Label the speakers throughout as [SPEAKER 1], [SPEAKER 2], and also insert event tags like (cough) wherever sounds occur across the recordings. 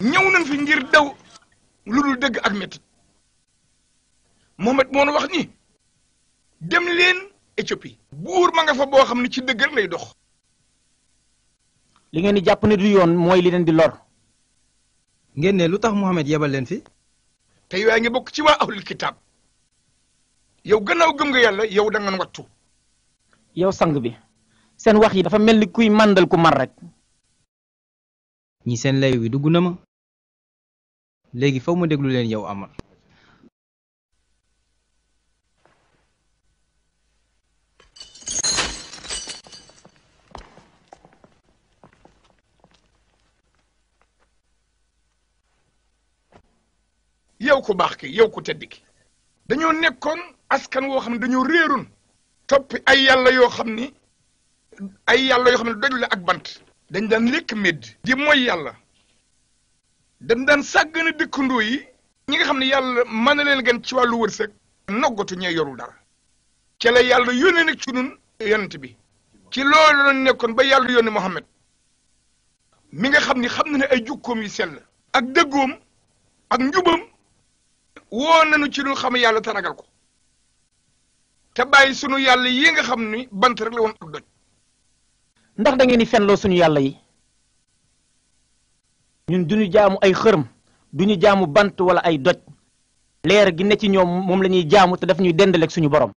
[SPEAKER 1] ñëw nañ fi ngir daw lu dul dëgg ak métti Mohamed moonu wax ni dem leen Éthiopie. buur ma nga fa boo xam ne ci dëggal lay dox. li ngeen di jàpp ne du yoon mooy li leen di lor. ngeen ne lu tax Mohamed yebal leen fi. te yaa ngi bokk ci waa ahlul kitaab yow gannaaw gëm nga
[SPEAKER 2] yàlla yow da nga wattu. yow sang bi seen wax yi dafa mel ni kuy màndal ku mar rek. seen lay wi dugg na ma. léegi faw ma déglu leen yow Amar
[SPEAKER 1] yow ku baax ki yow ku tedd ki dañoo nekkoon askan woo xam ne dañoo réerun toppi ay yàlla yoo xam ni ay yàlla yoo xam ne doj la ak bant dañ daan lekk medd di mooy yàlla dañ daan sàggane dëkkandoo yi ñi nga xam ne yàlla mën na leen gën ci wàllu wërsëg noggatu ñee yorul dara ca la yàlla yónnee nag ci nun yonent bi ci loolu lañ nekkoon ba yàlla yónnee Muhammad mi nga xam ni xam na ne ay jukkoom yu sell ak dëggoom ak njubam woo nañu ci lu xam yàlla te ko te bàyyi sunu yàlla yi nga xam ni bant rek la woon ak doj ndax da ngeen di fenloo suñu yàlla yi ñun du ñu jaamu ay xërëm du ñu jaamu
[SPEAKER 2] bant wala ay doj leer gi ne ci ñoom moom la ñuy jaamu te daf ñuy dendaleeg suñu borom.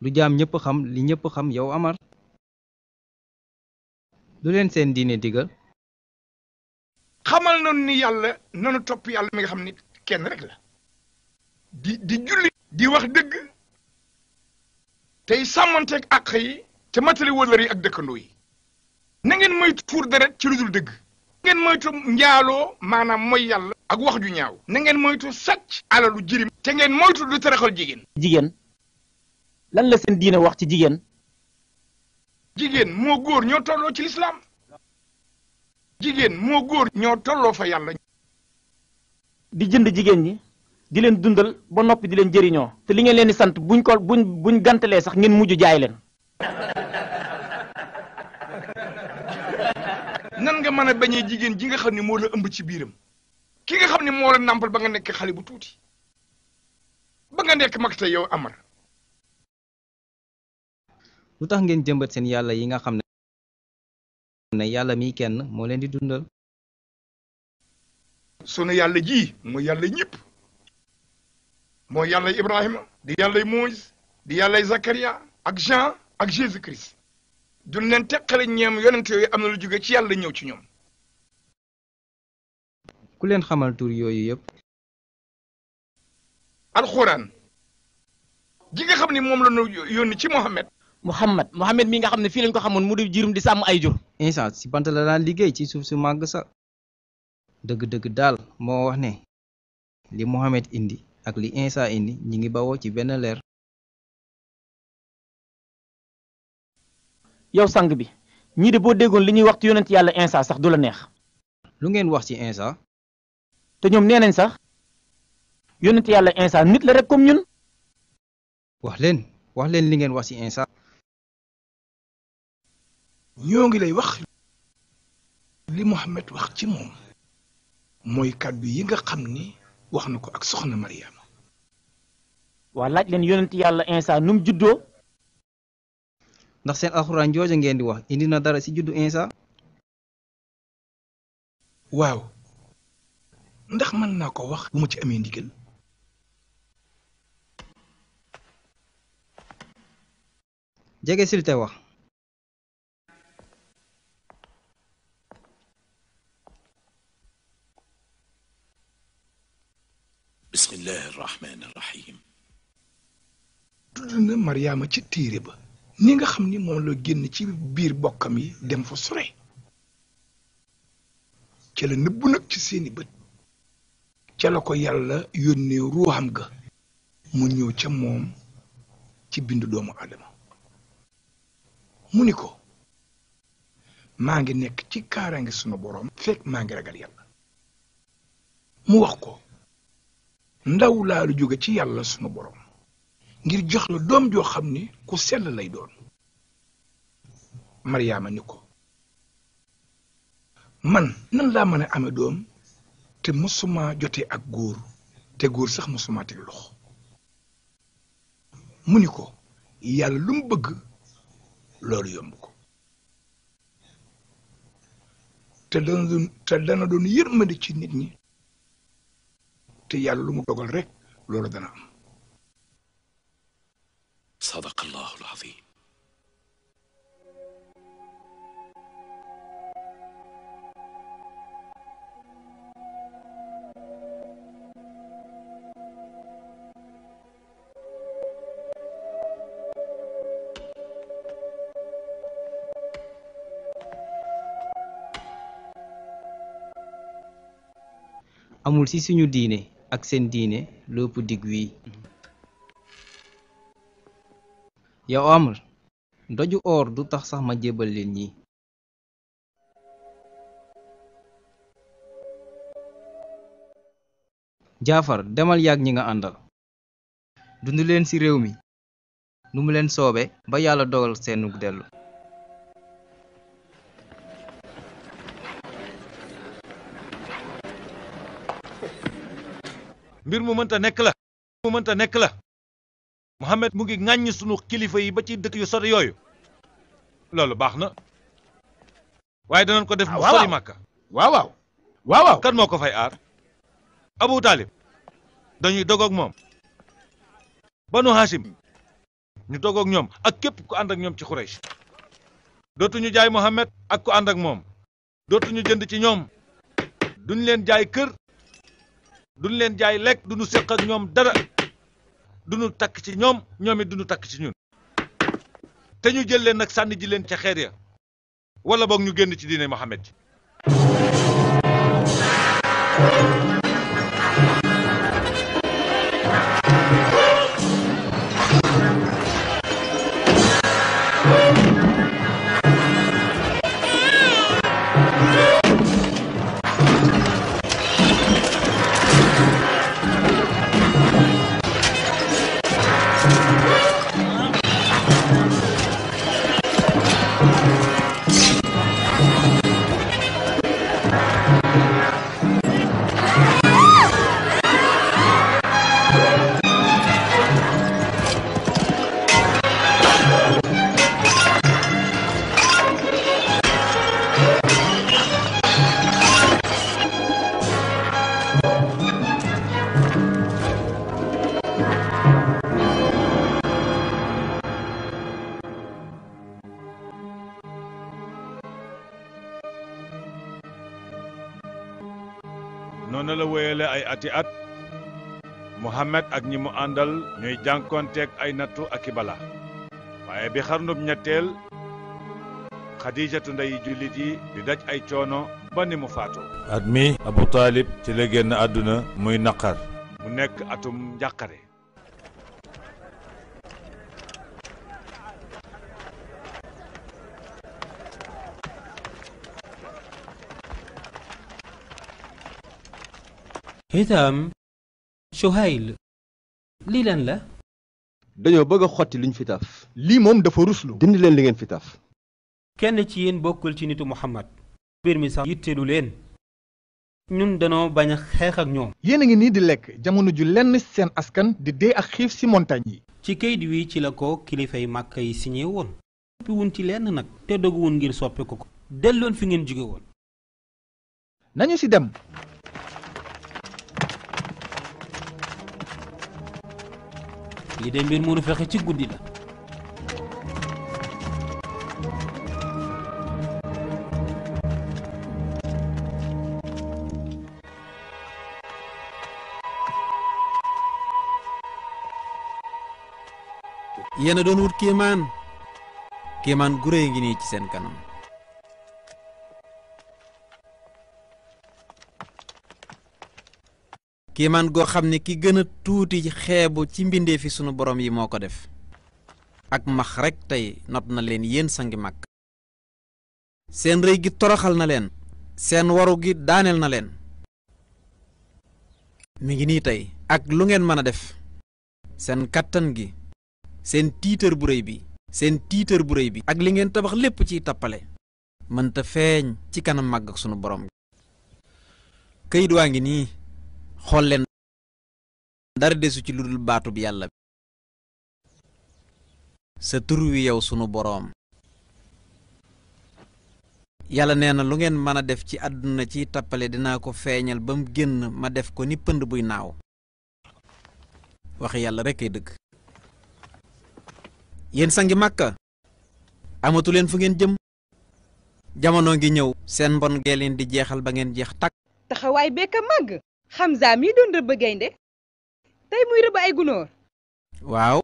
[SPEAKER 2] lu jaam ñëpp xam li ñëpp xam yow Amar. lu leen seen diine digal. xamal nañu ni yàlla
[SPEAKER 1] nanu topp yàlla mi nga xam ni kenn rek la. di di julli di wax dëgg tey sàmmanteeg àq yi te matali wëllër yi ak dëkkandoo yi. na ngeen moytu tuur deret ci lu dul dëgg. ngeen moytu njaaloo maanaam mooy yàlla ak wax ju ñaaw na ngeen moytu sàcc alalu jirim te ngeen moytu lu taraxal jigéen jigéen lan la seen diine wax ci jigéen jigéen moo góor ñoo tolloo ci lislaam jigéen moo góor ñoo tolloo fa yàlla di jënd jigéen ñi di leen dundal ba noppi di leen jëriñoo te li ngeen leen di sant buñ ko buñ buñ gantalee sax ngeen mujj jaay leen nan nga mën a bañee jigéen ji nga xam ne moo la ëmb ci biiram ki nga xam ne moo la nàmpal ba nga nekk xale bu tuuti ba nga nekk mag te yow Amar.
[SPEAKER 2] lu tax ngeen jëmbat seen yàlla yi nga xam ne ne yàlla mii kenn moo leen di dundal. soo
[SPEAKER 1] sunu yàlla ji moo yàlla ñëpp moo yàlla Ibrahima di yàlla Moïse di yàlla Zakaria ak Jean ak Jésus Christ. du leen teqale ñeem yonent yooyu am na lu jóge ci yàlla ñëw ci ñoom.
[SPEAKER 2] ku leen xamal tur yooyu yépp alxuraan ji nga xam ne moom la ñu yónni ci Mohamed. Mohamed Mohamed mi nga xam ne fii lañ ko xamoon mu di jirum di sàmm ay jur. Isa si bant la daan liggéey ci suuf su màgg sa. dëgg-dëgg daal moo wax ne li Mohamed indi ak li Isa indi ñi ngi bawoo ci benn leer. yow sang bi ñii de boo déggoon li ñuy wax ci yonent yàlla Insa sax du la neex. lu ngeen wax ci Insa. te ñoom nee nañ sax yonent yàlla Insa nit la rek comme ñun. wax leen wax leen li ngeen wax ci Insa. ñoo ngi lay wax. li Muhammad wax ci moom. mooy kàddu yi nga xam ni wax na ko ak soxna Mariama. waa laaj leen yonent yàlla Insa nu mu juddoo. ndax seen alxuraan jooja ngeen di wax indi na dara ci juddu Insa waaw ndax man naa ko wax bu ma ci amee ndigal jege sil te wax
[SPEAKER 1] bismillahi rahmaani rahim tudd na Maryaama ci téere ba ni nga xam ni moom la génn ci biir bokkam yi dem fa sore ca la nëbbu nag ci seeni bët ca la ko yàlla yónnee ruuxam ga mu ñëw ca moom ci bindu doomu Adama mu ni ko maa ngi nekk ci kaaraange sunu boroom fekk maa ngi ragal yàlla mu wax ko ndaw laa lu jóge ci yàlla sunu boroom ngir jox la doom joo xam ni ku sell lay doon Mariama ni ko man nan laa mane ame doom te mosuma jote ak góor te góor sax mosuma teg loxo mu ni ko yàlla lu bëgg loolu yomb ko te dana doon te dana ci nit ñi te yàlla lu mu dogal rek loolu dana am
[SPEAKER 3] صدق
[SPEAKER 2] amul ci suñu diine ak seen diine lépp dig wii yow amr doju oor du tax sax ma jébal leen ñi jaafar demal yàgg ñi nga àndal dund leen ci réew mi nu mu leen soobe ba yàlla dogal seenug dellu
[SPEAKER 4] mbir mu mënta nekk la mu mënta nekk la Mohamed mu ngi ŋàññi sunu kilifa yi ba ci dëkk yu sori yooyu loolu baax na waaye danañ ko def mu ah, sori màkka waaw kan moo ko fay aar Abu Taalib dañuy dogoog moom Banu Hashim ñu dogoog ñoom ak képp ku ànd ak ñoom ci Quraysh dootuñu jaay Mohamed ak ku ànd ak moom dootuñu jënd ci ñoom duñ leen jaay kër duñ leen jaay lekk duñu séq ak ñoom dara duñu takk ci ñoom ñoom it duñu takk ci ñun te ñu jël leen nag sànni ji leen ca xeer ya wala boog ñu génn ci diine Mohamed ji ci at Muhammad ak ñi mu àndal ñuy jànkoonteeg ay nattu ak i bala waaye bi xarnub ñetteel xadijatu ndeyi jullit yi di daj ay coono ba ni mu faatu at mi Abu Taalib ci la génn àdduna muy naqar mu nekk atum njàqare
[SPEAKER 5] itam Suhayl lii la dañoo
[SPEAKER 6] bëgg a xotti luñ fi taaf lii moom dafa ruslu dindi leen li ngeen fi taaf
[SPEAKER 5] kenn ci yéen bokkul ci nitu Muhammad mbir mi sax yitteelu leen ñun danoo bañ a xeex ak
[SPEAKER 6] ñoom yéen a ngi nii di lekk jamono ju lenn seen askan di dee ak xiif ci montagne yi ci kayit
[SPEAKER 5] wi ci la ko kilifay màkk yi signé woon soppi ci lenn nag te dogu wuñ ngir soppeekuko ko delloon fi ngeen jóge woon ci dem lii de mbir mënu fexe ci guddi la
[SPEAKER 7] yéen a doon wut kéemaan kéemaan gu réy ngi nii ci seen kanam kiimaan goo xam ne ki gën a tuuti xeebu ci mbindee fi sunu boroom yi moo ko def ak max rekk tey not na leen yéen sangi mag seen rëy gi toroxal na leen seen waru gi daaneel na leen mu ngi nii tey ak lu ngeen mën a def seen kàttan gi seen tiitër bu rëy bi seen tiitër bu rëy bi ak li ngeen tabax lépp ciy tappale mënta feeñ ci kanam màgg sunu boroom kayit waa ngi nii xool leen desu ci lu dul yàlla sa tur wi yow sunu boroom yàlla nee na lu ngeen mën a def ci àdduna ci tappale dinaa ko feeñal ba mu génn ma def ko ni pënd buy naaw wax yàlla rekk ay dëgg yéen sangi màkka amatu leen fu ngeen jëm jamono ngi ñëw seen mbon gee leen di jeexal ba ngeen jeex takk
[SPEAKER 2] taxawaay bekk a màgg Hamza mii doon rëbb gaynde tey muy rëbb ay gunóor
[SPEAKER 7] waaw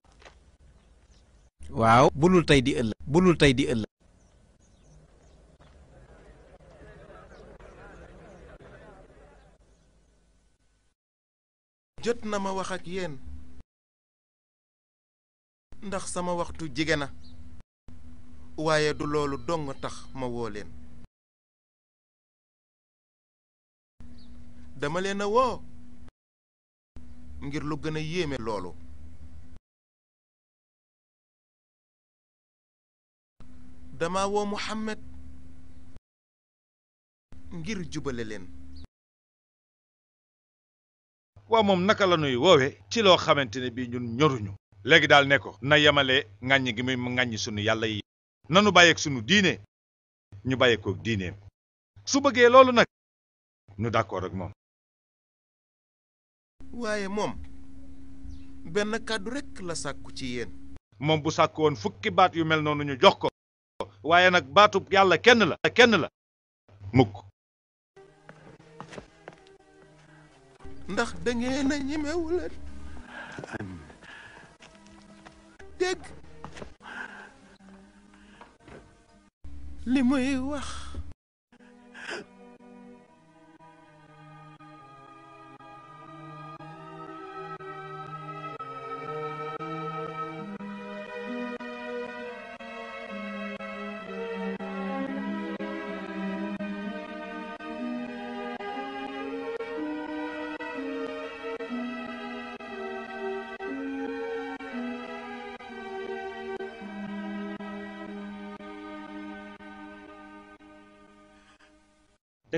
[SPEAKER 7] waaw bulul tey di ëllëg bulul tey di ëllëg
[SPEAKER 4] jot na ma wax ak yéen ndax sama waxtu jige waaye du loolu dong tax ma woo dama leen a woo ngir lu gën a yéeme loolu
[SPEAKER 2] dama woo Muhammad
[SPEAKER 4] ngir jubale leen waa moom naka la nuy woowe ci loo xamante ne bii ñun ñoruñu léegi daal ne ko na yemale ŋàññi gi muy ŋàññi sunu yàlla yi nanu bàyyeek sunu diine ñu bàyyi bàyyeekoo diineem su bëggee loolu nag nu d'accord ak moom waaye moom benn kàddu rekk la sàkku ci yéen moom bu sàkk woon fukki baat yu mel noonu ñu jox ko waaye nag baatub yàlla kenn la kenn la mukk ndax
[SPEAKER 5] dangeen a ñemewuleen dégg li muy wax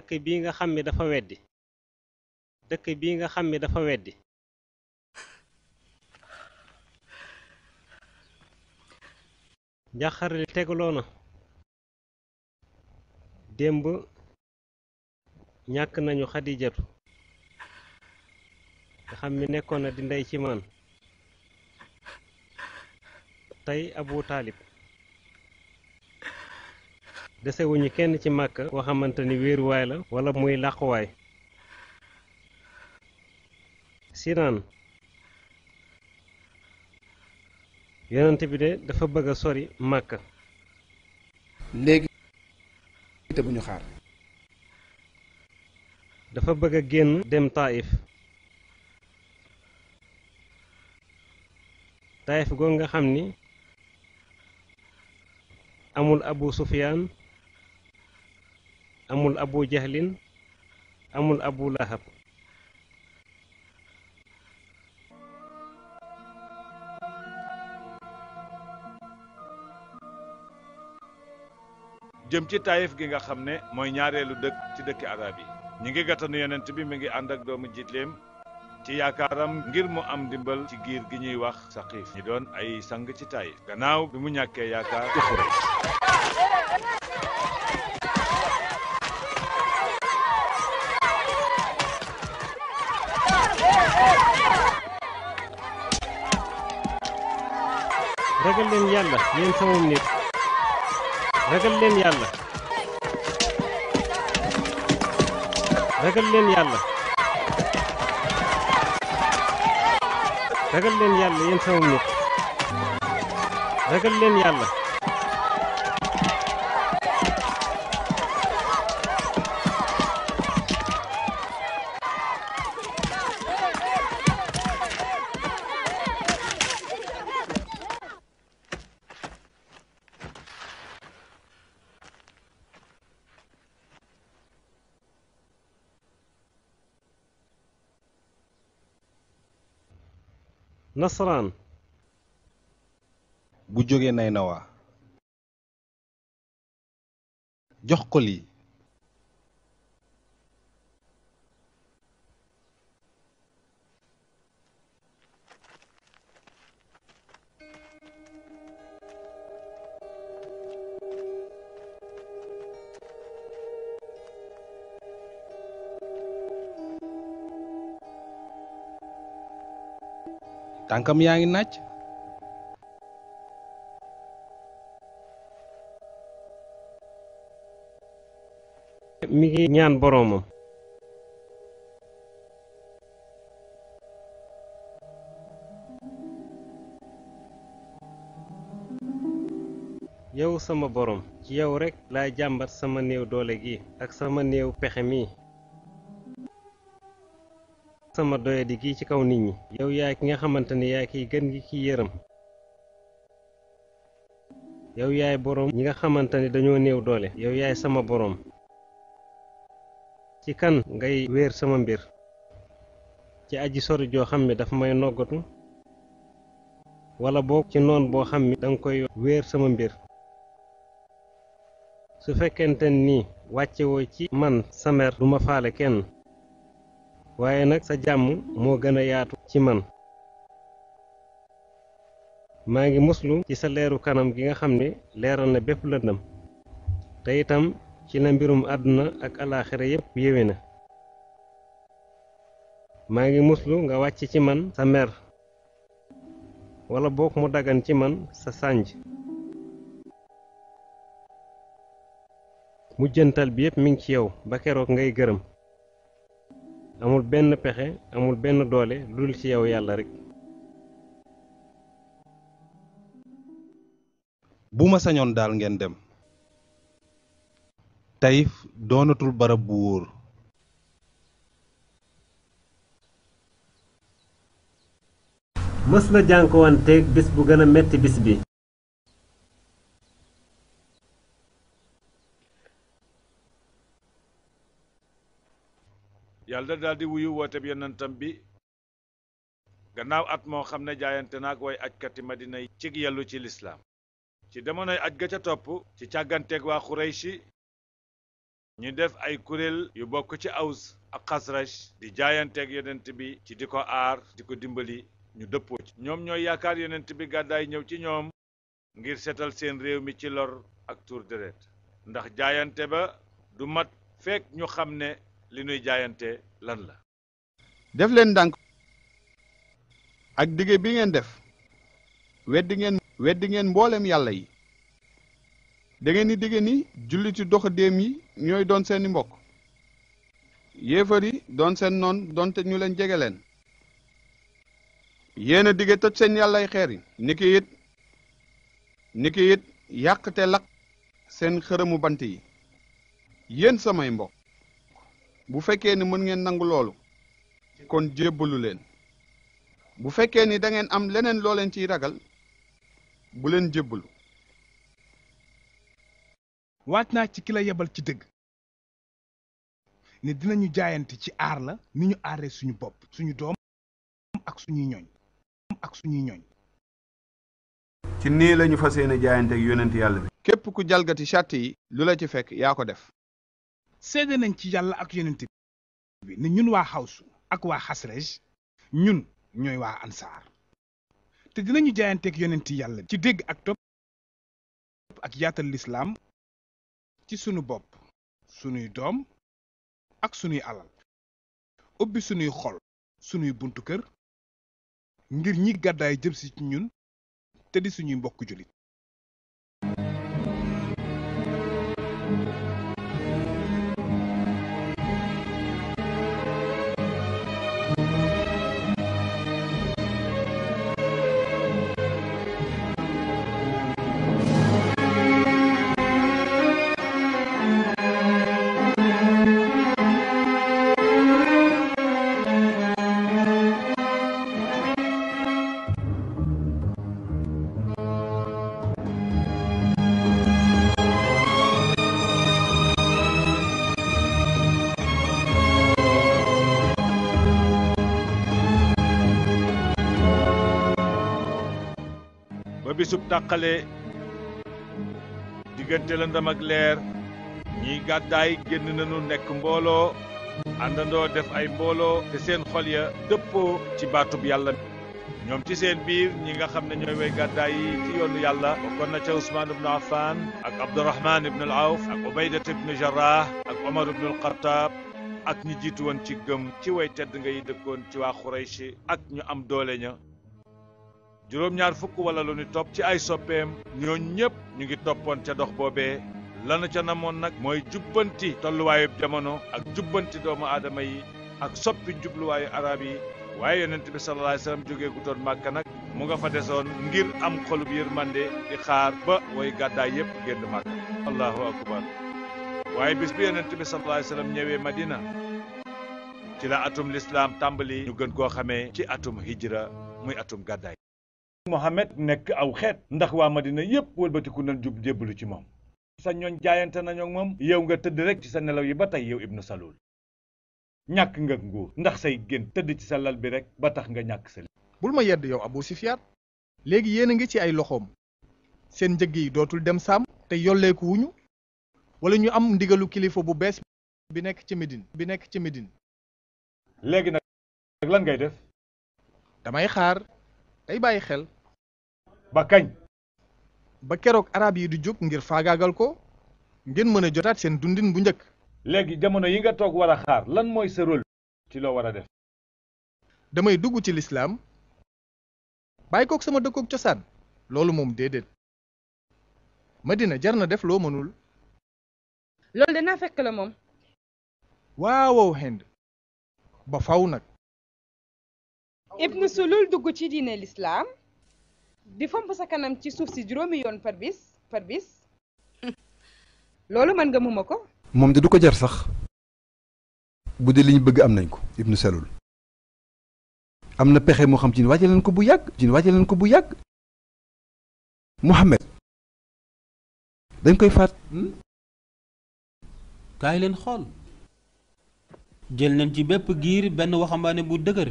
[SPEAKER 8] dëkk bii nga xam ni dafa weddi dëkk nga xam ni dafa weddi njaxar li tegaloo na démb ñàkk nañu xadijatu nga xam ni nekkoon na di ndey ci maan tey abu taalib desewuñu kenn ci màkk koo xamante ni wéeruwaay la wala muy làquwaay sinaan yonent bi de dafa bëgg a sori màkka léegi te bu dafa bëgg a génn dem taayif taayif goo nga xam ni amul abu sufiyaan amul abu jahlin amul abu
[SPEAKER 4] jëm ci taayif gi nga xam ne mooy ñaareelu dëkk ci dëkki arab yi ñu ngi gàttanu yonent bi mu ngi ànd ak doomu jiitleem ci yaakaaram ngir mu am ndimbal ci giir gi ñuy wax saqiif ñi doon ay sang ci taayif gannaaw bi mu ñàkkee yaakaar ci xurey
[SPEAKER 8] ragal leen yàlla yéen samam nit ragal leen yàlla ragal leen yàlla ragal leen yàlla yéen samam
[SPEAKER 3] nit
[SPEAKER 8] ragal leen yàlla nasaraan
[SPEAKER 2] bu jóge wa jox ko lii
[SPEAKER 4] tànkam yaa ngi nàcc
[SPEAKER 8] mi ngi ñaan boroomam yow sama boroom ci yow rekk laa jàmbat sama néew doole gi ak sama néew pexe mi sama doyadi gi ci kaw nit ñi yow yaay ki nga xamante ne yaay kiy gën gi kiy yërëm yaay boroom ñi nga xamante ne dañoo néew doole yow yaay sama boroom ci kan ngay wéer sama mbir ci aji sori joo xam ne dafa may noggatu wala boog ci noon boo xam ne danga koy wéer sama mbir su fekkente ni wàcce woo ci man samer duma faale kenn waaye nag sa jàmm moo gën a yaatu ci man maa ngi muslu ci sa leeru kanam gi nga xam ne leeral na bépp lëndam te itam ci la mbirum àdduna ak alaaxira yépp yéwe na maa ngi muslu nga wàcc ci man sa mer wala boog mu dagan ci man sa sànj mujjantal bi yépp mu ngi ci yow ba keroog ngay gërëm amul benn pexe amul benn doole lu dul ci yow yàlla rek. bu ma sañoon daal ngeen dem. Taïf doonatul barab bu wóor. mës na jànkuwanteeg bis bu gën a metti
[SPEAKER 4] bis bi. yàlla daal di wuyu gannaaw at moo xam ne jaayante ak way ajkati madina yi cig yellu ci lislaam ci demonoy aj ga ca topp ci càgganteeg waa xurayshi ñu def ay kuréel yu bokk ci aws ak xasraj di jaayanteeg yonent bi ci di ko aar di ko dimbali ñu dëppoo ci ñoom ñooy yaakaar yenent bi gàddaay ñëw ci ñoom ngir seetal seen réew mi ci lor ak tuur deret ndax jaayante ba du mat fekk ñu xam ne li nuy jaayante lan la
[SPEAKER 1] def leen ndànk ak dige bi ngeen def weddi ngeen weddi ngeen mboolem yàlla yi da ngeen di dige ni julliti doxandéem yi ñooy doon seeni mbokk yéefar yi doon seen noon donte ñu leen jege leen yéen a dige toj seen yàllay xeer yi niki it niki yàq te lakk seen xërëmu bant yi yéen samay mbokk bu fekkee ni mën ngeen nangu loolu kon jébbalu leen bu fekkee ni dangeen am leneen looleen leen ciy ragal bu leen jébbalu waat naa ci ki la yebal ci
[SPEAKER 6] dëgg ne dinañu jaayante ci aar la ni ñu aaree suñu bopp suñu doom ak suñuy ñooñ ak suñuy ñooñ
[SPEAKER 4] ci nii ñu fas yéene jaayante ak yonent yàlla bi
[SPEAKER 1] képp ku jalgati charte lu la ci fekk yaa ko def seede nañ ci yàlla ak yonent bi ne ñun waa xawsu ak waa xasrej ñun ñooy waa ansaar te dinañu jaayanteeg yonent yàlla
[SPEAKER 4] ci dégg ak topp ak yaatal lislaam ci sunu bopp sunuy doom ak sunuy alal ubbi sunuy xol
[SPEAKER 6] sunuy buntu kër ngir ñi gàddaay jëm ci ñun te di suñuy mbokk jullit
[SPEAKER 4] bisub tàqale diggante lëndëm ak leer ñiy gàddaay génn nañu nekk mbooloo àndandoo def ay mbooloo te seen xol ya dëppoo ci baatub yàlla ñoom ci seen biir ñi nga xam ne ñooy way gàddaay yi ci yoonu yàlla bokkoon na ca Ousmane ibnu Affan ak Abdourahman ibnu al Awf ak Ubaydat ibnu Jarrah ak Omar ibnu al ak ñi jiitu woon ci gëm ci way tedd nga yi dëkkoon ci waa Xurayshi ak ñu am doole ña juróom-ñaar fukk wala lu ni topp ci ay soppeem ñooñ ñépp ñu ngi toppoon ca dox boobee lanu ca namoon nag mooy jubbanti tolluwaayub jamono ak jubbanti doomu aadama yi ak soppi jubluwaayu arab yi waaye yonent bi sallallahu alayhi wasallam jógee nag mu nga fa desoon ngir am xolub yërmande di xaar ba way gàddaay yépp génn màkka allahu akbar waaye bis bi yonent bi sallallahu alayhi madina ci la atum lislaam tàmbali ñu gën koo xamee ci atum hijra muy atum gàddaay Mohamed nekk aw xeet ndax waa ma Madina yépp wëlbatiku na jub jébbalu ci moom sa ñooñ jaayante nañoo moom yow nga tëdd rek ci sa nelaw yi ba tey yow ibnu Salul ñàkk nga nguur ndax say génn tëdd ci sa lal bi rek ba tax nga ñàkk sa li bul ma yedd yow Abu Sufyaan léegi yéen a ngi ci ay loxoom
[SPEAKER 6] seen njëg yi dootul dem saam te yolleekuwuñu wuñu wala ñu am ndigalu kilifa bu bees bi nekk ci Médine bi nekk ci Médine léegi nag lan ngay def damay xaar day bàyyi xel ba kañ. ba keroog araab yi di jóg ngir faagaagal ko ngeen mën a jotaat seen dundin bu njëkk. léegi jamono yi nga toog war a xaar lan mooy sa ci loo war a def. damay dugg ci lislaam bàyyi kook sama dëkkook cosaan loolu moom déedéet. Madina jar na def loo mënul. loolu danaa fekk la moom. waawow Hind ba faw nag.
[SPEAKER 2] Ibn Sulul dugg ci diine lislaam di fomp sa kanam ci suuf si juróomi yoon par bis par bis (laughs) loolu mën nga muma ko moom de du ko jar sax bu dee li ñu bëgg am nañ ko ibnu selul am na pexe moo xam ci ne ko bu yàgg ci ne ko bu yàgg Mohamed dañ koy faat hmm?
[SPEAKER 5] kaay leen xool jël nañ ci bépp giir benn waxambaane bu dëgër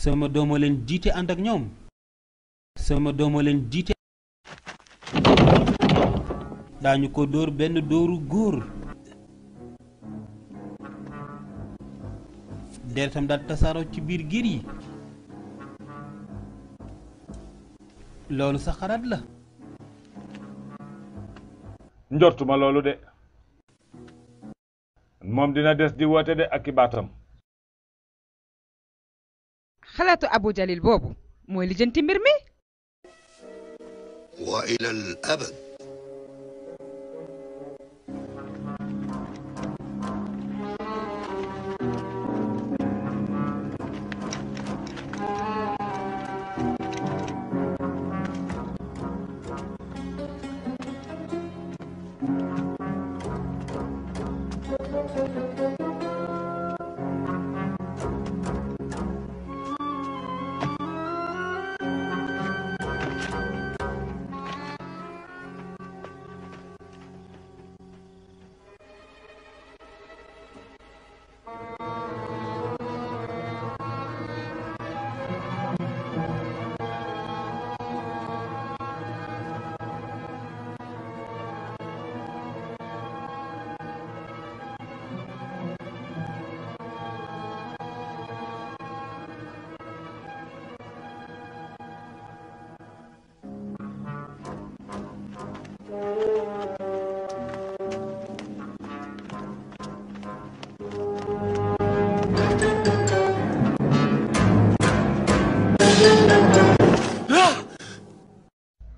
[SPEAKER 5] sama dooma leen jiite ànd ak ñoom sama dooma leen jiite daañu ko dóor benn dóoru góor deretam daal tasaaroo ci biir giir yi loolu sa xarat la
[SPEAKER 4] njortuma loolu de moom dina des di woote de ak i baatam
[SPEAKER 2] xalaatu Abu Jalil boobu mooy lijjanti mbir mi.
[SPEAKER 3] wa ilal abad.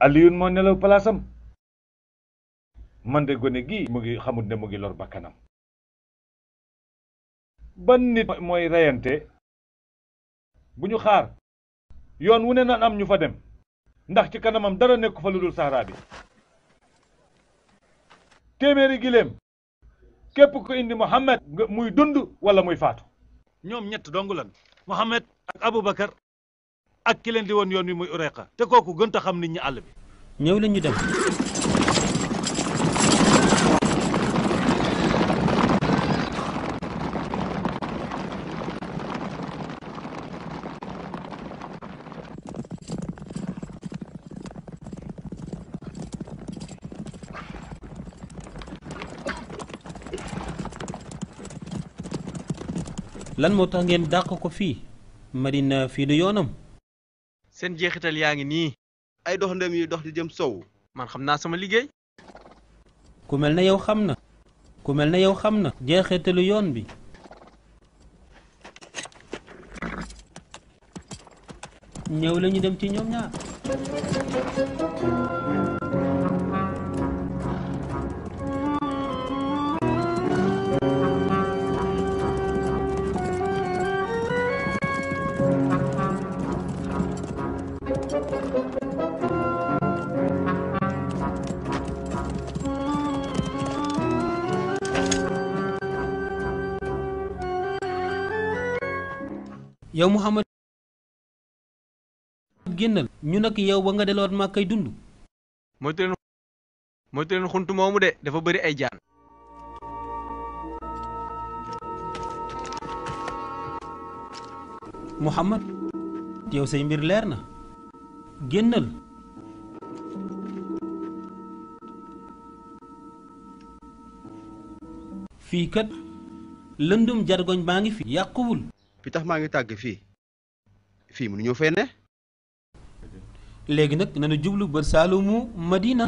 [SPEAKER 4] Alioune moo nelaw palaasam man de gone gi mu ngi xamut ne mu ngi lor bakkanam ban nit mooy reyante bu ñu xaar yoon wu ne naan am ñu fa dem ndax ci kanamam dara nekku fa lu dul saxaraa bi téeméeri giléem képp ko indi Muhammad muy dund wala muy faatu ñoom ñett dong lan Muhammad ak Aboubacar ak ki leen yoon wi muy ureeqa te kooku gën a xam nit ñi àll ñëw la ñu dem
[SPEAKER 5] lan moo tax ngeen dàq ko fii marina fii du yoonam
[SPEAKER 7] seen jeexital yaa ngi nii. ay dox ndem yi dox di jëm sow. man xam naa sama liggéey.
[SPEAKER 5] ku mel na yow xam na. ku mel na yow xam na. jeexitalu yoon bi. ñëw la ñu dem ci ñoom ñaar.
[SPEAKER 2] yow Muhammad génnal ñu nag yow ba nga delluwaat ma kay dund moytu leen moytu leen xunt moomu de dafa bëri ay
[SPEAKER 7] jaan
[SPEAKER 5] Muhammad yow say mbir leer na génnal fii kat lëndum jargoñ baa ngi fi yàquwul pitax maa ngi tàgg fii fii mënuñoo fay ne. léegi nag nañu jublu bër Saalumu Madina.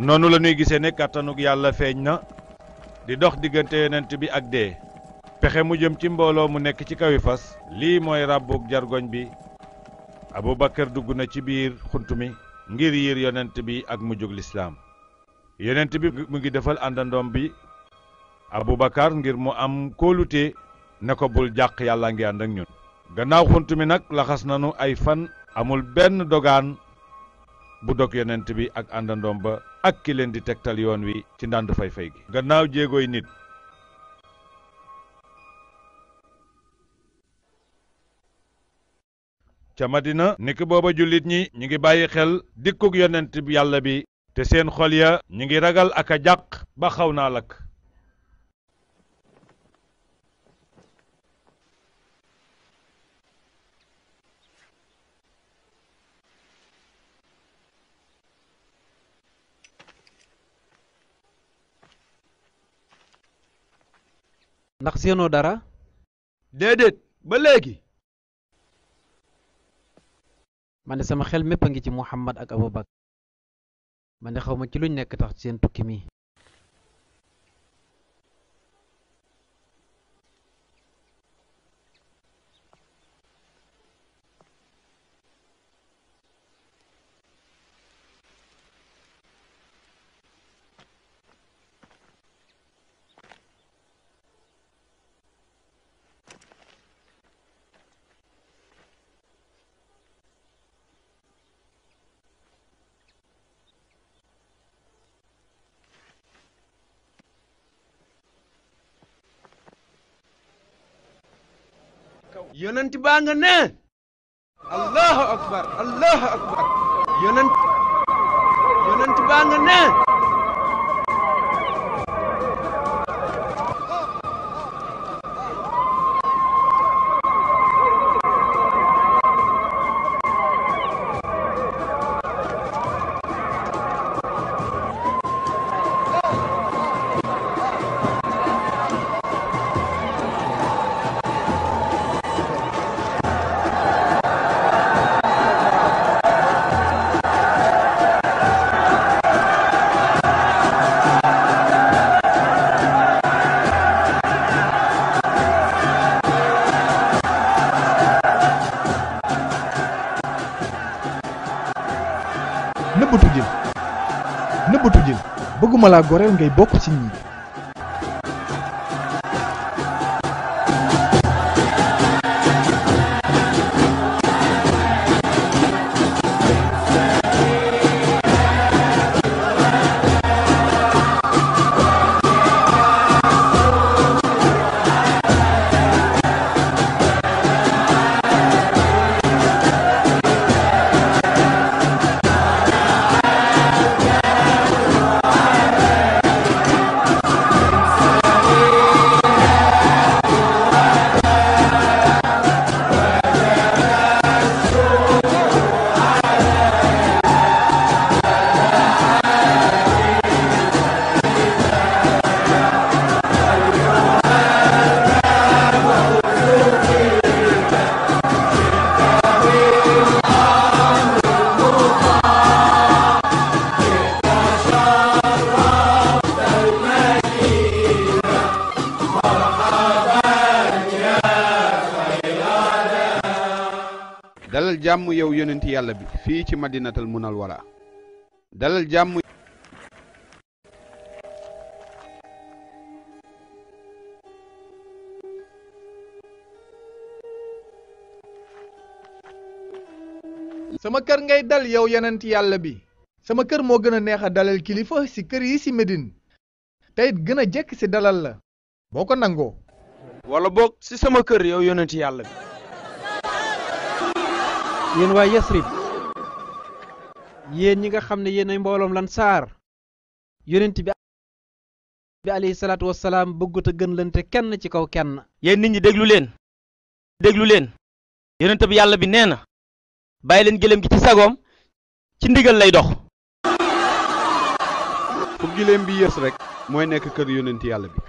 [SPEAKER 4] noonu la ñuy gisee ne kàttanug yàlla feeñ na di dox diggante yonent bi ak dee pexe mu jëm ci mbooloo mu nekk ci kawi fas lii mooy ràbbug jargoñ bi Abubakar dugg na ci biir xunt mi ngir yiir yonent bi ak mu mujjug lislaam yonent bi mu ngi defal àndandoom bi Abubakar ngir mu am kóolute ne ko bul jàq yàlla ngi ànd ak ñun gannaaw xunt mi nag laxas nanu ay fan amul benn dogaan bu dog yonent bi ak àndandoom ba ak ki leen di tegtal yoon wi ci ndànd fay-fay gi gannaaw jéegooy nit ca Madina niki booba jullit ñi ñu ngi bàyyi xel dikkug yonent yàlla bi te seen xol ya ñu ngi ragal ak a jàq ba xaw naa lakk
[SPEAKER 7] ndax seenoo dara
[SPEAKER 6] déedéet ba léegi
[SPEAKER 7] man de sama xel mépp a ngi ci Muhammad ak Abubakar man de xaw ma ci luñ nekk tax ci seen tukki mi
[SPEAKER 1] yonent baa nga ne allahu akbar allahu akbar yonent yonent baa nga ne
[SPEAKER 6] waxuma laa goreel ngay bokk ci ñi sama kër ngay dal yow yonent yàlla bi sama kër moo gën a neex a dalal kilifa ci kër yi ci medin te gën a jekk ci dalal la boo ko nangoo
[SPEAKER 1] wala boog ci sama kër yow yonent yàlla
[SPEAKER 6] bi waay waa
[SPEAKER 7] Yasrib yéen ñi nga xam ne yéen ay lan saar
[SPEAKER 2] yonent bi bi alayhi salaatu wasalaam bëggut a gën lante kenn ci kaw kenn yéen nit ñi déglu leen déglu leen yonent yàlla bi nee na bàyyi leen gëléem gi ci sagoom ci ndigal lay dox
[SPEAKER 1] ku gëléem bi yës rek mooy nekk kër yónent yàlla bi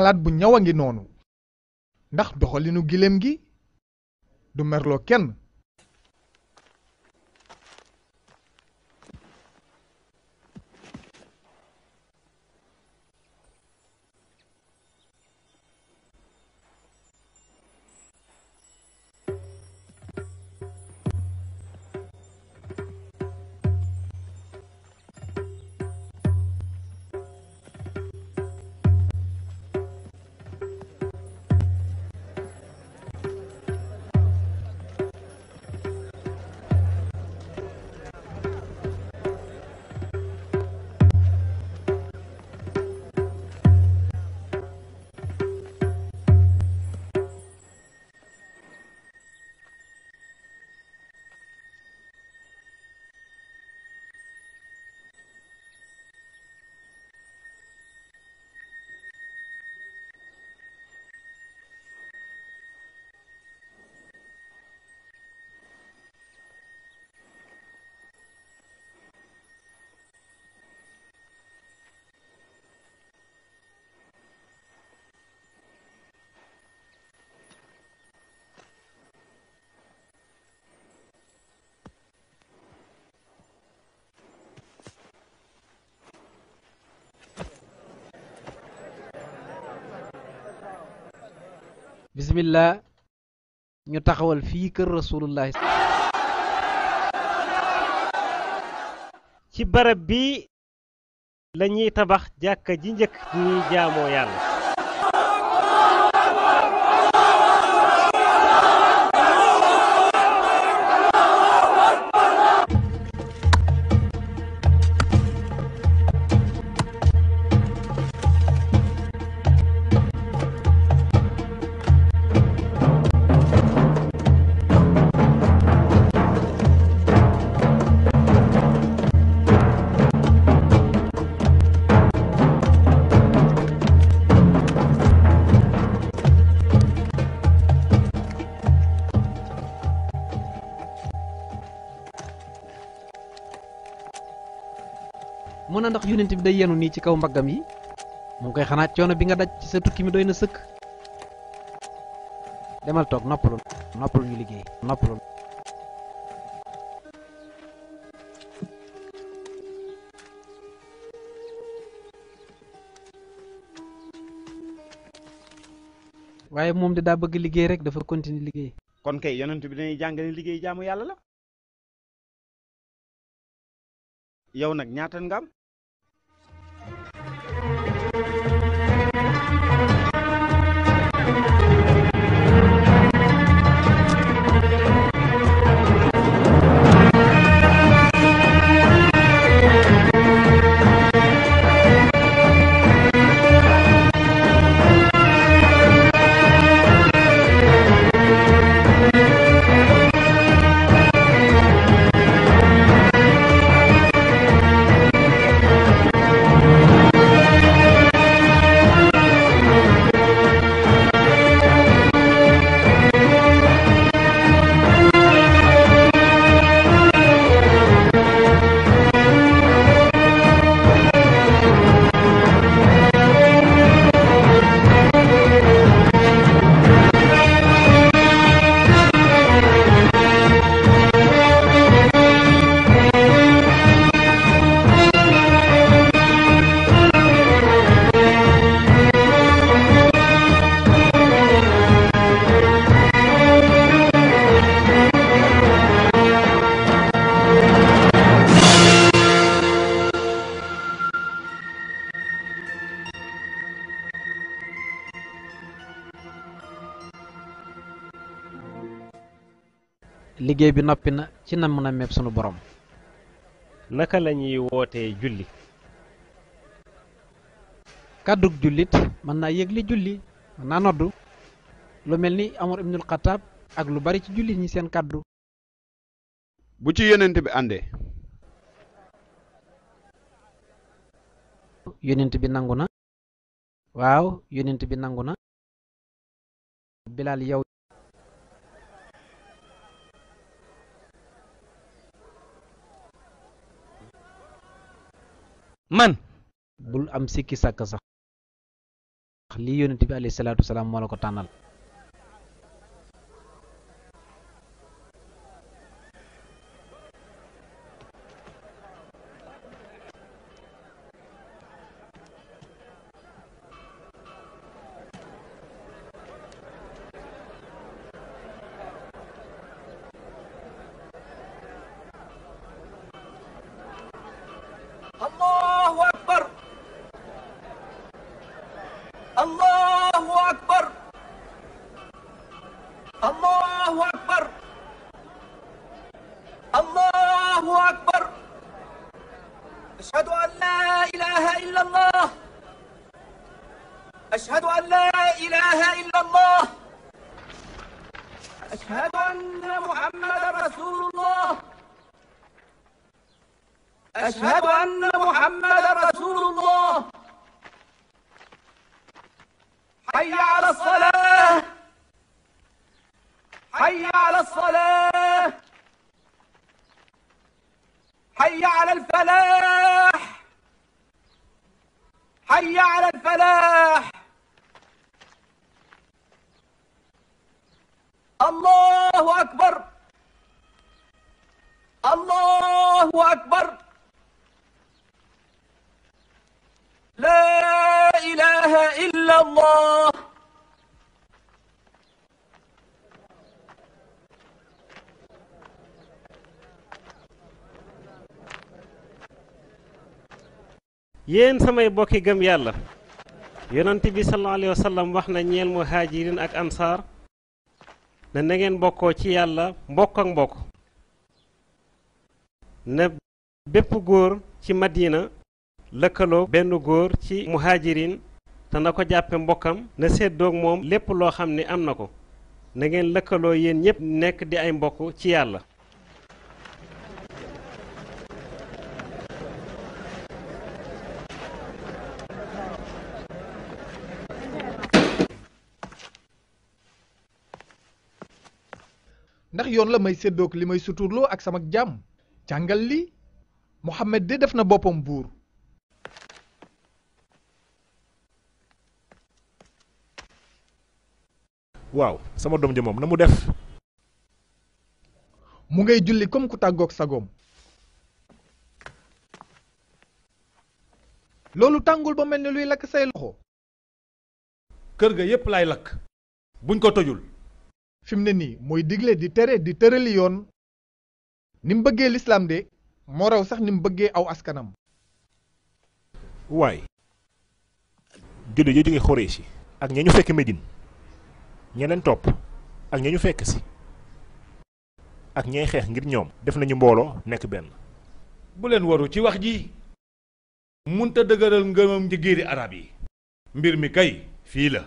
[SPEAKER 6] xalaat bu ñaw a ngi noonu ndax doxalinu gëléem gi du merloo kenn
[SPEAKER 7] bismillah ñu taxawal
[SPEAKER 8] fii kër rasulullahi ci barab bi lañuy tabax jàkka ji njëkk ñuy jaamoo yàlla
[SPEAKER 7] yenu nii ci kaw mbaggam yi moom koy xanaa coono bi nga daj ci sa tukki mi doy na sëkk demal toog noppalu noppalu ñu liggéey noppalu waaye moom de daa bëgg liggéey rek dafa continuer liggéey
[SPEAKER 4] kon
[SPEAKER 2] kay yonent bi dañuy jàngale liggéey jaamu yàlla la yow nag ñaatan nga
[SPEAKER 7] liggéey bi noppi na ci na mën borom naka la ñuy wootee julli kàddug jullit mën na yëg li julli mën naa noddu lu mel ni Amar ibnul Xataab ak lu bari ci jullit ñi seen kàddu
[SPEAKER 1] bu ci yonent bi àndee
[SPEAKER 7] yonent bi nangu na waaw yonent bi nangu na man bul am sikki sàkk sax lii yonent bi alayhi salaatu wasalaam moo la ko tànnal
[SPEAKER 8] yéen samay bokki gëm yàlla yonent bi sallallahu alayhi sallam wax na ñeel muhaajiriin ak ansaar ne na ngeen bokkoo ci yàlla mbokk ak mbokk ne bépp góor ci madina lëkkaloo benn góor ci muhaajiriin te na ko jàppe mbokkam na seddook moom lépp loo xam ni am na ko na ngeen lëkkaloo yéen ñépp nekk di ay mbokk ci yàlla
[SPEAKER 6] ndax yoon la may séddoog li may suturloo ak sama jàmm jàngal li Mohammed de def na boppam buur waaw sama doom ja moom na mu def mu ngay julli comme ku tàggoog sagoom loolu tàngul ba mel ni luy lakk say loxo
[SPEAKER 4] kër ga yépp lay lakk
[SPEAKER 6] buñ ko tojul fi mu ne nii mooy digle di tere di tërali yoon ni bëggee lislaam de moo raw sax ni mu bëggee aw askanam
[SPEAKER 8] waaye jullit yi jóge Xuraysh ak ña ñu fekk Médine ñeneen topp ak ña ñu fekk si ak ñay xeex ngir ñoom def nañu mbooloo nekk benn
[SPEAKER 4] bu leen waru ci wax ji munta dëgëral ngëmam ci giiri arab yi mbir mi kay fii la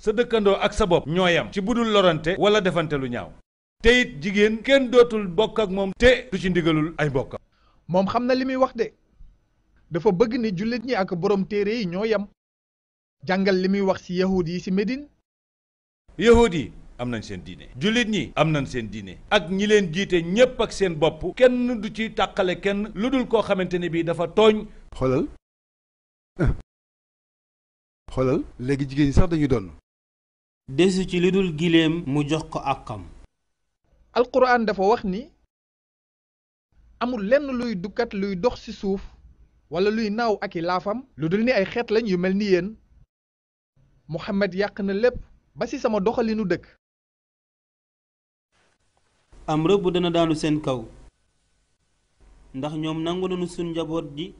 [SPEAKER 4] sa dëkkandoo ak sa bopp ñoo yam ci budul lorante wala defante lu ñaaw te jigéen kenn dootul bokk ak moom te du ci ndigalul ay bokkam
[SPEAKER 6] moom xam na li muy wax de dafa bëgg ni jullit ñi ak borom téere yi ñoo yam jàngal li muy wax ci yahuud yi ci Médine
[SPEAKER 4] yahuud yi am nañ seen diine jullit ñi am nañ seen diine ak ñi leen jiite ñépp ak seen bopp kenn du ci tàqale kenn lu dul koo xamante ne bii dafa tooñ (laughs) xoolal léegi jigéen ñi sax dañuy doon desu ci li dul giléem mu jox ko
[SPEAKER 6] àqam alxuraan dafa wax ni amul lenn luy dukkat luy dox ci suuf walla luy naaw ak i laafam lu dul ni ay xeet lañ yu mel ni yéen Muhammad yàq na lépp ba ci sama doxalinu dëkk am rëbb dana daanu seen kaw ndax
[SPEAKER 5] ñoom nangu nañu suñ njaboot ji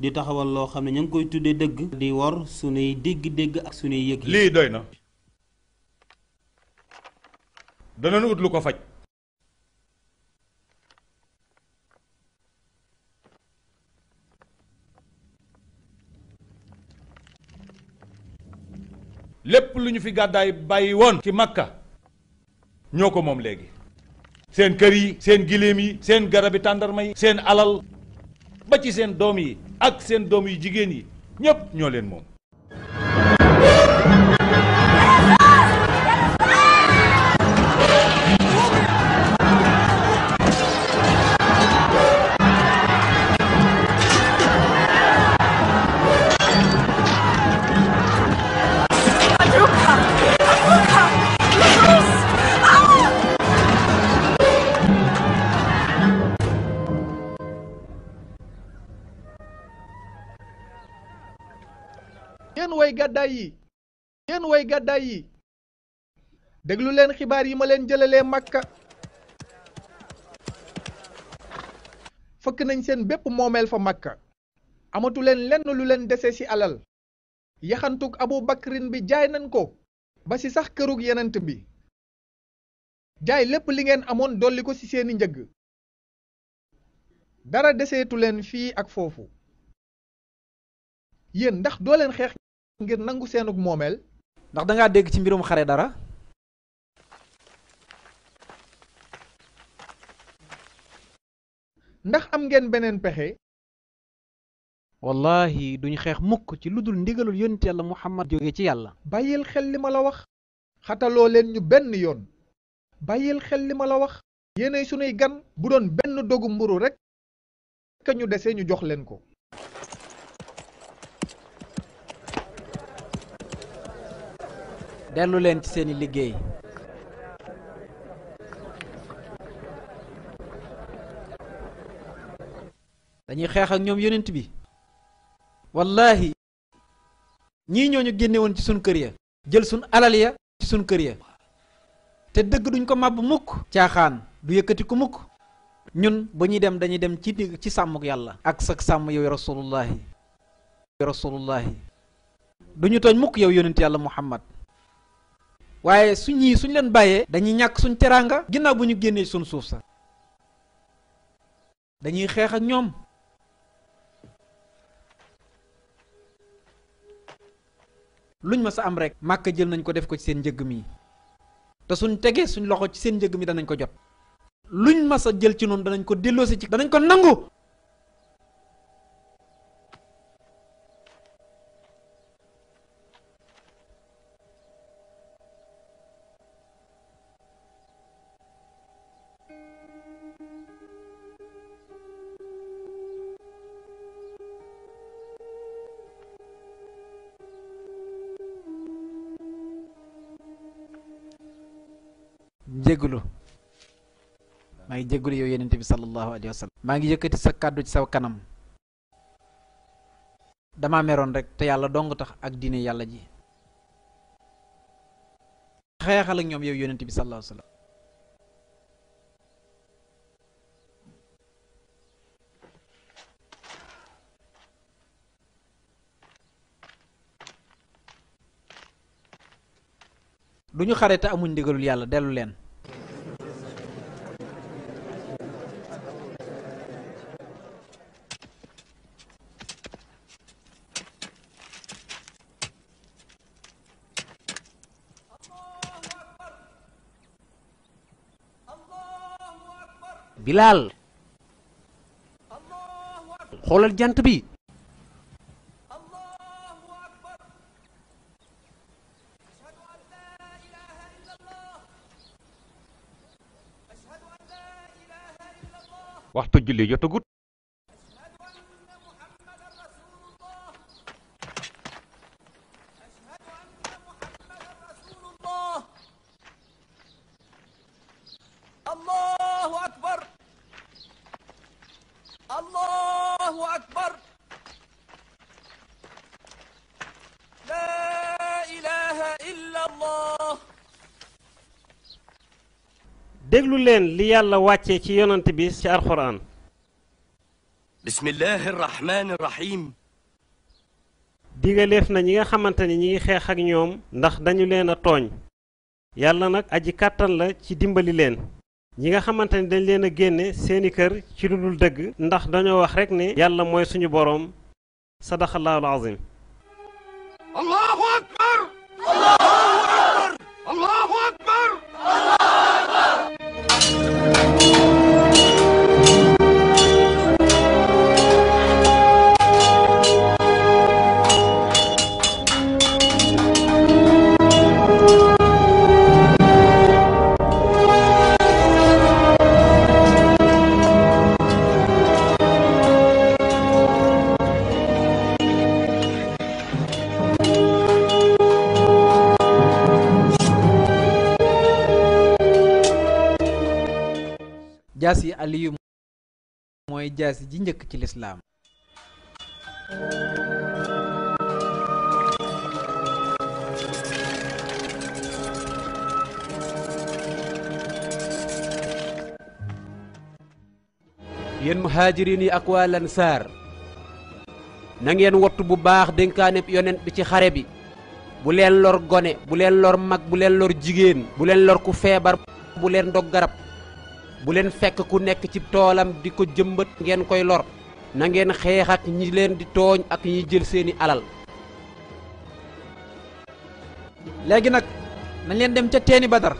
[SPEAKER 5] di taxawal loo xam ne ña ngi koy tuddee dëgg di wor sunuy dégg-dégg ak sunuy yëg lii doy na
[SPEAKER 4] danañu ut lu ko faj lépp lu ñu fi gàddaay bàyyi woon ci makka ñoo ko moom léegi seen kër yi seen giléem yi seen garabi tàndarma yi seen alal ba ci seen doom yi ak seen doom yu jigéen yi ñépp ñoo leen moom
[SPEAKER 6] way gàddaay yi yéen way gàddaay yi déglu leen xibaar yi ma leen jëlalee Makka fëkk nañ seen bépp moomeel fa Makka amatu leen lenn lu leen dese ci alal yaxantug Abu Bakrin bi jaay nañ ko ba ci sax kërug yenent bi jaay lépp li ngeen amoon dolli ko ci seeni njëg dara deseetu leen fii ak foofu yéen ndax doo leen xeex ngir nangu seenug moomeel. ndax dangaa dégg ci mbirum xare dara. ndax am ngeen beneen pexe. wallahi duñ xeex mukk ci lu dul ndigalul yonent yàlla Muhammad jóge ci yàlla. bàyyil xel li ma la wax. xataloo leen ñu benn yoon. bàyyil xel li ma la wax. yéenay sunuy gan bu doon benn dogu mburu rekk ñu dese ñu jox leen ko. dellu leen ci seeni liggéey
[SPEAKER 7] dañuy xeex ak ñoom yonent bi wallaahi ñii ñoo ñu génnewoon ci suñ kër ya jël suñ alal ya ci suñ kër ya te dëgg duñ ko màbb mukk caaxaan du yëkkati ko mukk ñun bu ñuy dem dañuy dem ci ci sàmmuk yàlla ak sa sàmm yow rasulullahi rasulullahi du ñu tooñ mukk yow yonent yàlla muhammad waaye su ñii suñ leen bàyyee dañuy ñàkk suñ teraanga ginnaaw bu ñu génnee suñ suuf sa dañuy xeex ak ñoom luñ ma sa am rek màkk jël nañ ko def ko ci seen njëg mi te suñ tegee suñ loxo ci seen njëg mi danañ ko jot luñ ma sa jël ci noonu danañ ko delloosi ci danañ ko nangu jégglu maa ngi jégglu yow yonent bi maa ngi yëkkati sa kàddu ci saw kanam dama meroon rek te yàlla dong tax ak diine yàlla ji xeexal ak bi sallallahu alayhi du ñu xare te amuñ ndigalul yàlla dellu leen bilaal xoolal jant bi
[SPEAKER 8] waxtu julli jotagut leen yàlla wàccee ci yonant bi ci alxuraan bismillahi rahmaani rahim digaleef na ñi nga xamante ni ñi ngi xeex ak ñoom ndax dañu leen a tooñ yàlla nag aji kàttan la ci dimbali leen ñi nga xamante ni dañ leen a génne seeni kër ci lu dul dëgg ndax dañoo wax rekk ne yàlla mooy suñu boroom sadaqallaahu al
[SPEAKER 7] aliyu mooy ji njëkk ci lislaam yéen muhaajiriin yi ak waa lansaar na ngeen wattu bu baax dénkaaneb yonent bi ci xare bi bu leen lor gone bu leen lor mag bu leen lor jigéen bu leen lor ku feebar bu leen dog garab bu leen fekk ku nekk ci toolam di ko jëmbat ngeen koy lor na ngeen xeex ak ñi leen di tooñ ak ñi jël seeni alal léegi nag na leen dem ca teeni ba Badar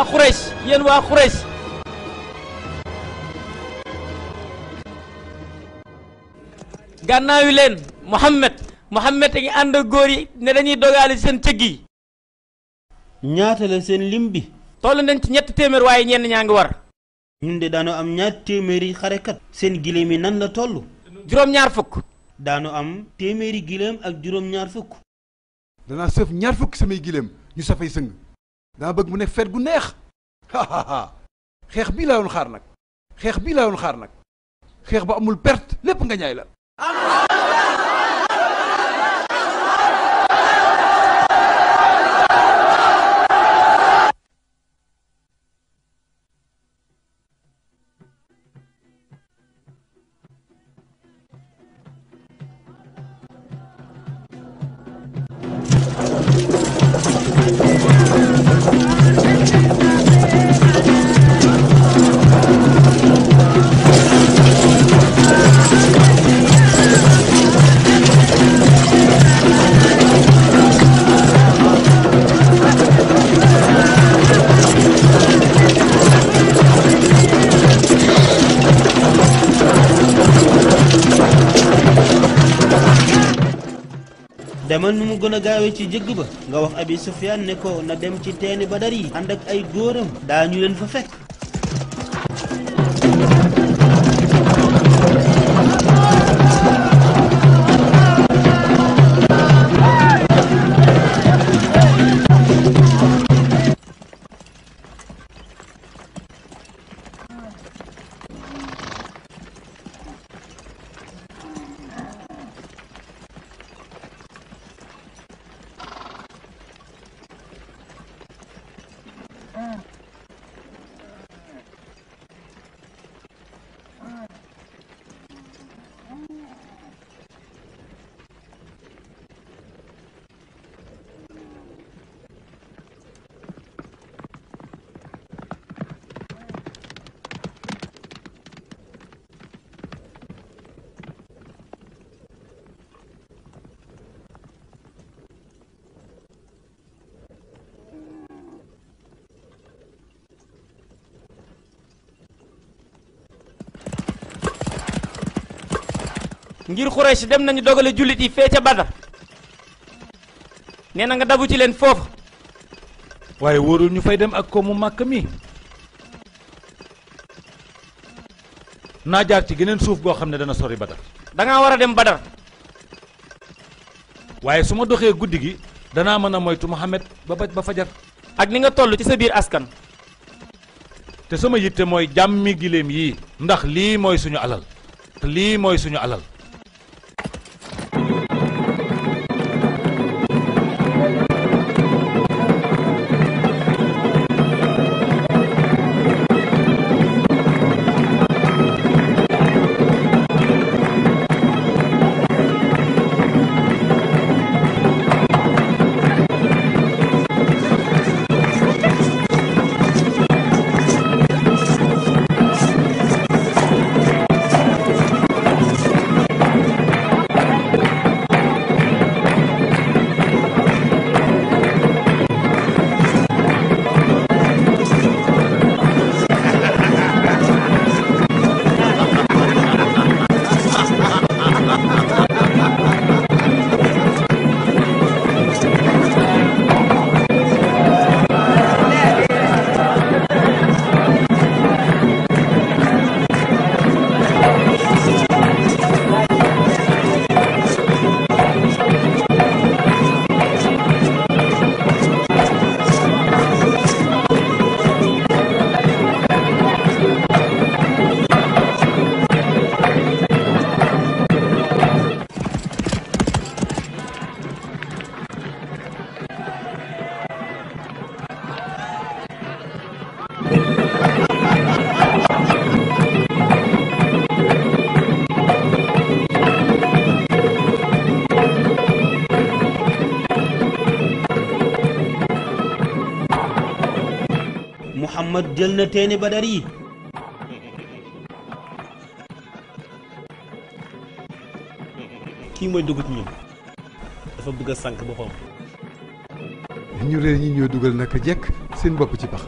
[SPEAKER 7] waa Xurees yéen waa Xurees
[SPEAKER 5] gànnaayu leen Mohammed Mohammed a ngi ànd ak góor yi ne dañuy dogaale seen cëgg yi ñaata la seen lim bi toll nañ ci ñett téeméer waaye ñenn ñaa ngi war ñun de daanu am ñaar téeméeri xarekat seen giléem yi nan la toll juróom-ñaar fukk am
[SPEAKER 1] téeméeri giléem ak juróom-ñaar fukk danaa sëf ñaar fukk samay giléem ñu safay sëng
[SPEAKER 6] daa bëgg mu nekk feet gu neex xeex bii laa yoon xaar nag xeex bii laa yoon xaar nag xeex ba amul pert lépp nga ñaay la
[SPEAKER 5] a gaawee ci jëgg ba nga wax abi sufyaan ne ko na dem ci ba dar yi ànd ak ay góoram daa ñu leen fa fekk ngir Quraysh dem nañu dogale jullit yi fee ca Badar nee na nga dabu ci leen foofu
[SPEAKER 4] waaye wóorul ñu fay dem ak ko mu màkk mi naa jaar ci geneen suuf goo xam ne dana sori Badar dangaa war a dem Badar waaye su ma doxee guddi gi danaa mën a moytu Muhammad ba ba fajar ak ni nga toll ci sa biir askan te sama yitte mooy jàmmi giléem yii ndax lii mooy suñu alal lii mooy suñu alal
[SPEAKER 5] jël na teeni badar yi kii mooy dugg ci ñoom dafa bëgg a sànq boppam
[SPEAKER 1] ñu réer ñi ñoo dugal naka jekk seen bopp ci pax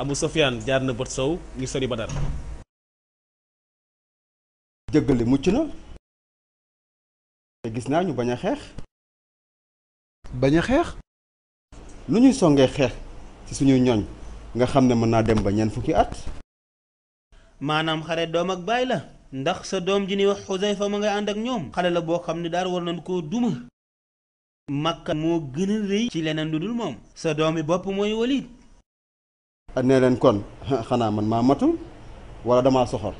[SPEAKER 2] Abu Sofyaan jaar na bët sow ngir sori Badar jëggale mucc na te gis naa ñu bañ a xeex bañ xeex lu ñuy songee xeex ci suñuy ñooñ nga xam ne mën naa dem ba ñeent fukki at
[SPEAKER 5] maanaam xare doom ak baay la ndax sa doom ji ni wax Xuzayfa ma ngay ànd ak ñoom xale la boo xam ne daal war nañ koo duma Makka moo gën a rëy ci leneen lu dul moom sa doom yi bopp mooy Walid ne leen kon (laughs) xanaa man maa matul wala damaa soxor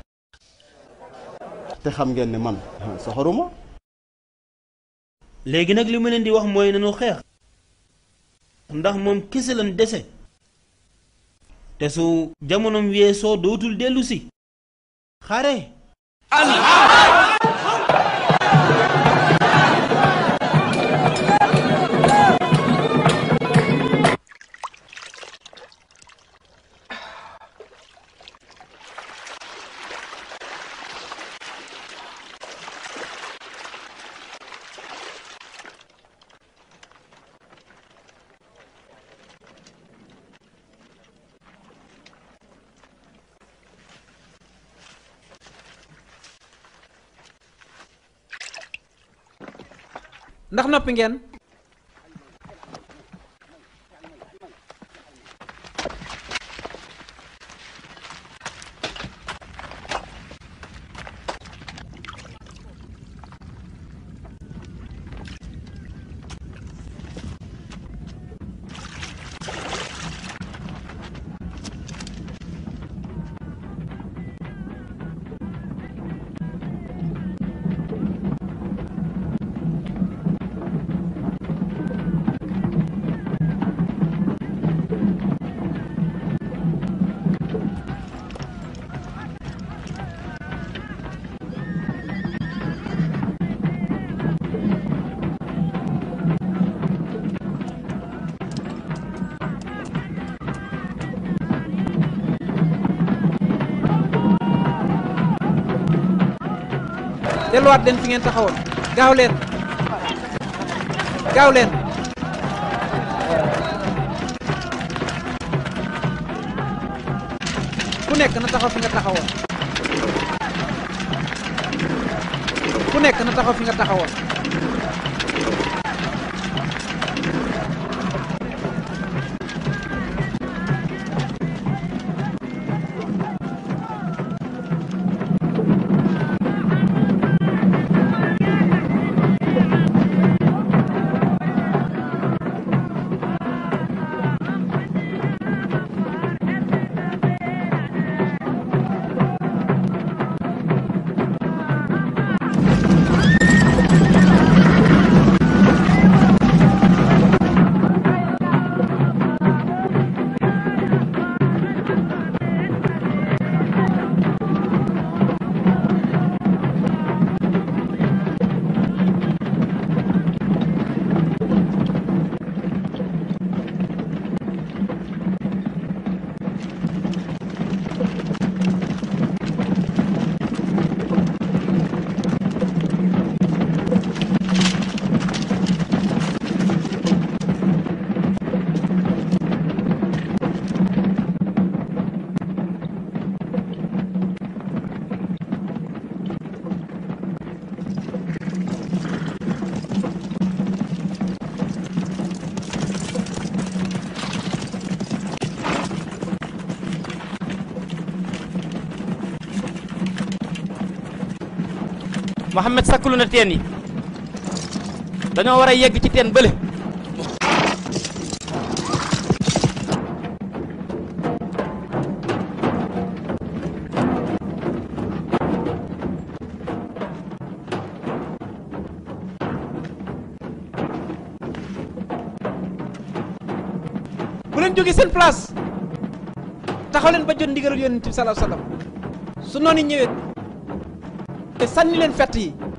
[SPEAKER 5] te xam ngeen ne man (laughs) soxoruma léegi nag li mu leen di wax mooy nanu xeex ndax moom kese lan dese te su jamonom weesoo dootul dellu
[SPEAKER 7] xare ndax noppi ngeen delluwaat leen fi ngeen taxawoon gaaw leen ku nekk na taxaw fi nga taxawoon ku nekk na taxaw fi nga taxawoon
[SPEAKER 5] Mouhamed sakklu na teen yi dañoo war a yegg ci teen bële
[SPEAKER 3] bu leen jógee seen
[SPEAKER 7] place taxaw ba jot ndigalul yonent bi sallallahu su noonu ñëwee te sànni leen fett